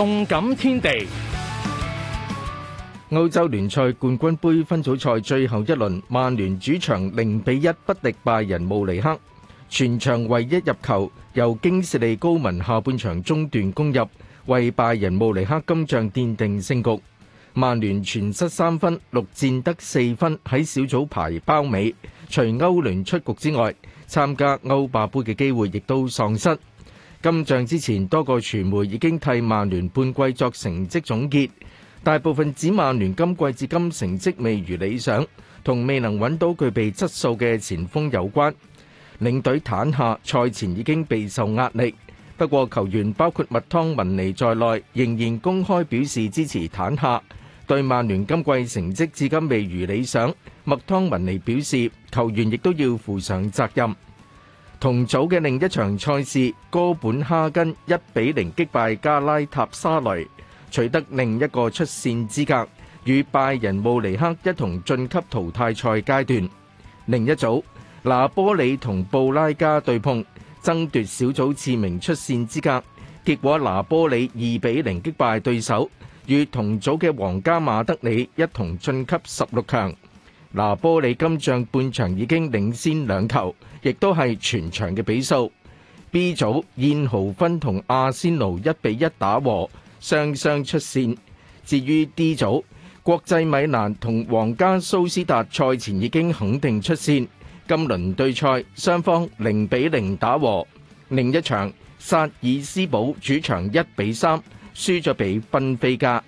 動感天地，歐洲聯賽冠軍盃分組賽最後一輪，曼聯主場零比一不敵拜仁慕尼黑，全場唯一入球由京士利高文下半場中段攻入，為拜仁慕尼黑今仗奠定勝局。曼聯全失三分，六戰得四分，喺小組排包尾，除歐聯出局之外，參加歐霸盃嘅機會亦都喪失。今仗之前，多個傳媒已經替曼聯半季作成績總結，大部分指曼聯今季至今成績未如理想，同未能揾到具備質素嘅前鋒有關。領隊坦夏賽前已經備受壓力，不過球員包括麥湯文尼在內，仍然公開表示支持坦夏。對曼聯今季成績至今未如理想，麥湯文尼表示球員亦都要負上責任。同組嘅另一場賽事，哥本哈根一比零擊敗加拉塔沙雷，取得另一個出線資格，與拜仁慕尼黑一同晉級淘汰賽階段。另一組，拿波里同布拉加對碰，爭奪小組次名出線資格，結果拿波里二比零擊敗對手，與同組嘅皇家馬德里一同晉級十六強。嗱，拿波里今仗半場已經領先兩球，亦都係全場嘅比數。B 組，燕豪芬同阿仙奴一比一打和，雙雙出線。至於 D 組，國際米蘭同皇家蘇斯達賽前已經肯定出線，今輪對賽雙方零比零打和。另一場，薩爾斯堡主場一比三輸咗俾賓菲加。